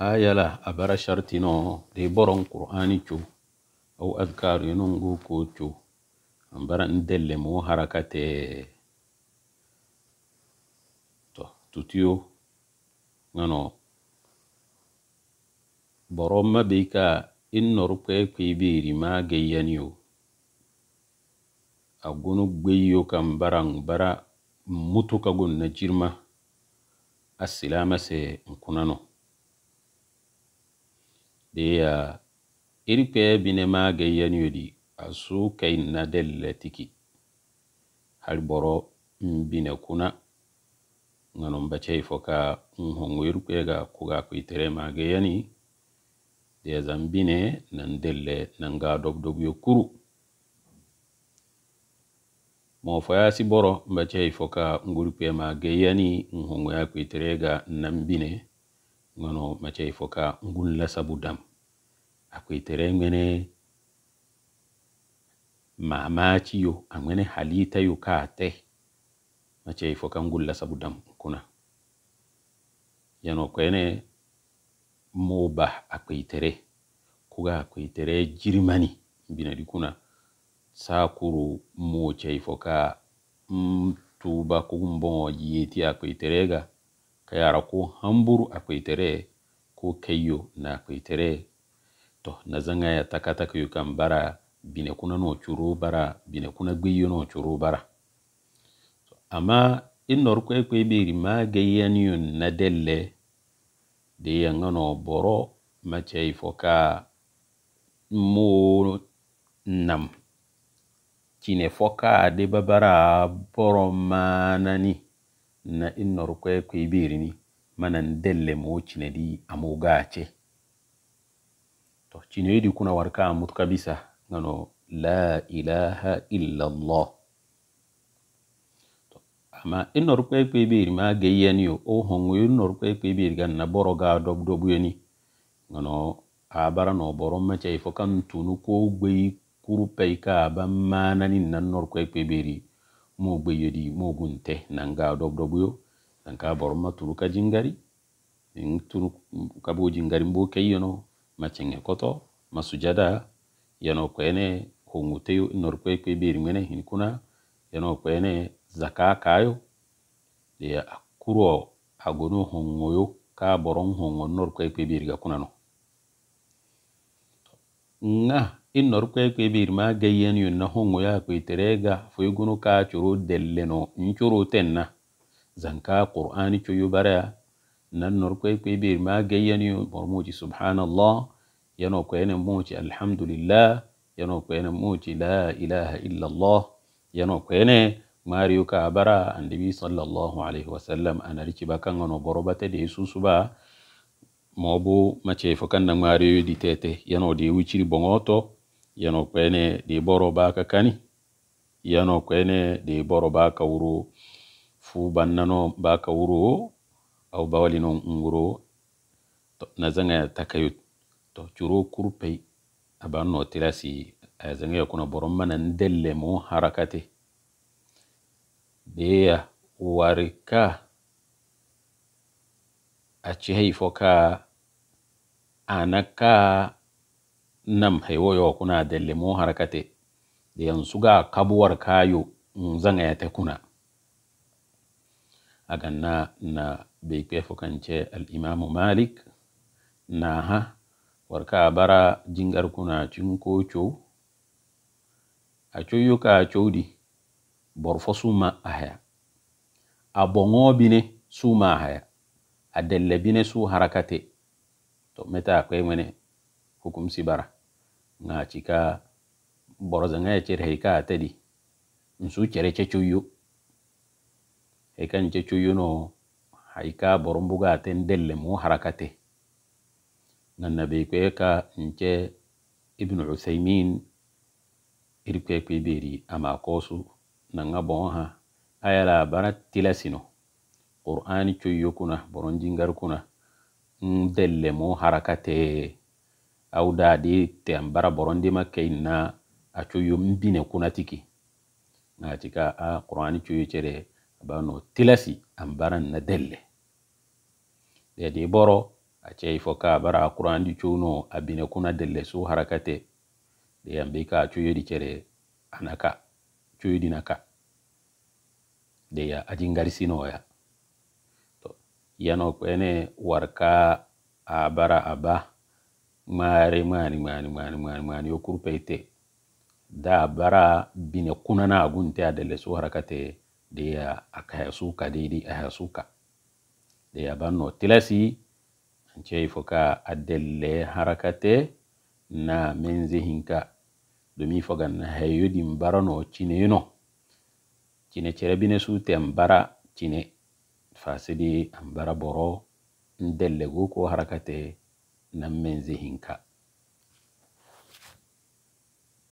ayala abara sharti no de boron qur'ani cu au azkar yunungu ko cu ambara ndelle mo harakate to tutiyo ngano boron mabika innor kwekwe biri ma a gunu gbeyo kan baran bara mutuka gun na jirma asilama se nkunano deya irpe bine maage yanyodi asu kai na delle tiki har boro bine kuna ngannon bacai foka hongo irpe ga kuga kuitere maage yani de zan bine nan delle nan ga dobdob yo kuru mo foyasi boro bacai foka ngurpe maage yani hongo ya kuitere ga nan bine ngono macha ifoka dam sabudam tere ngwene mamaci yo angwene halita yo kate macha ifoka ngulla dam kuna yano kwene moba tere kuga tere jirmani bina kuna sakuru mocha ifoka mtuba yeti jiyeti akuiterega kayara ko hamburu akwai tare ko kayo na akwai tare to na zanga ya taka taka yu kan bara bine kuna no churu bara bine kuna gwiyo no churu bara so, ama inor kwe kwe biri ma gayan na delle de yangano boro mace foka mo nam kine foka de babara boro manani na innor kwe kwe manan delle mo chine di amugache to chine yidi kuna warka mut kabisa ngano la ilaha illa allah to ama innor kwe ma geyeni o hongo innor kwe gan na boro ga dob yeni ngano abara no boro mace ifo kan tunu ko gbe kurupei ka ban manani nan mo gbe yedi mo gun te nan ga dob dob yo nan ka bor ma turu ka jingari in turu ka bo jingari mbo ke yono ma chenge koto ma sujada yano ko ene ko ngute yo nor ko ko beri mene hin kuna yano ko ene zaka kayo de akuro agono hongo yo ka boron hongo nor ko ko beri ga kuna no nga maa birma gayyen na hongo ya kweterega fuiguno ka churu delleno nchuru tenna zanka qur'ani chuyu baraya nan norkwe kwe birma gayyen yu mormuji subhanallah yano kwene muji alhamdulillah yano kwene muji la ilaha illa allah yano kwene mariyu ka bara annabi sallallahu alaihi wasallam anarichi bakangono borobate de susuba mobu machefokanna mariyu ditete yano de wichiri bongoto yano kwene di boro baka kani yano kwene di boro baka wuro fu bannano baka wuro au no nguro na zanga takayut to curo kurpei tirasi tilasi azanga yakuna boron mana ndele mo harakate deya warika achihaifo ka anaka nam haywoyo kuna delle mo harakate deyan suga kabuwar kayo zangayate kuna aganna na beikpefo kance alimamu malik naha warka bara jingar kuna cinko cow a coyyuka cowdi borfo suma ahaya a bongo bine suma ahaya a delle bine su harakate to meta kwemene hukum sibara ngacika borozangayacer hey ka tadi nsu cere cecuyu hey kan cecuyuno hay ka borombuga ten dellemu harakate nannabeykwe ka nce ibnu usaymin irkwekwe beri amakosu nanga bonha ayala bara tilasino qur'ani cuyu kuna boronjingar kuna ndellemu harakate awdaadi te an bara borondima keyin na a coyo mbine kuna tiki ngati ka a qur'ani coyo cere aba no tilasi an bara na delle dedi boro a cei fo ka a bara a qur'andi cuno a bine kuna delle su harakate de an bei ka a coyodi cere anaka coyodi naka deya adi ngarisinoya to yano kwene warka a bara a ba mare mani mani mani mani mani yo kurpe ite da bara bine kunana agun te adele su harakate de ya akaya suka de di aya suka de ya banno tilasi anche ifoka adele harakate na menzi hinka dumi fogan na hayo di mbarano chine yuno chine chere bine su te mbara chine fasidi mbara boro ndelle go ko harakate harakate nan men zihinka